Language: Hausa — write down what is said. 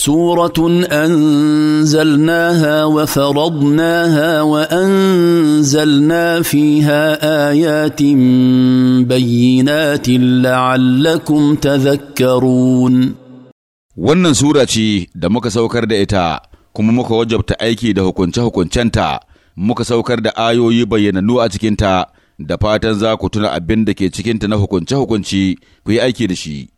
سوره انزلناها وفرضناها وانزلنا فيها ايات بينات لعلكم تذكرون wannan sura ce da muka saukar da ita kuma muka wajabta aiki da hukunce-hukuncenta muka saukar da ayoyi bayyanannu a cikinta da fatan za ku tuna abin da ke cikinta na hukunce-hukunci ku yi aiki da shi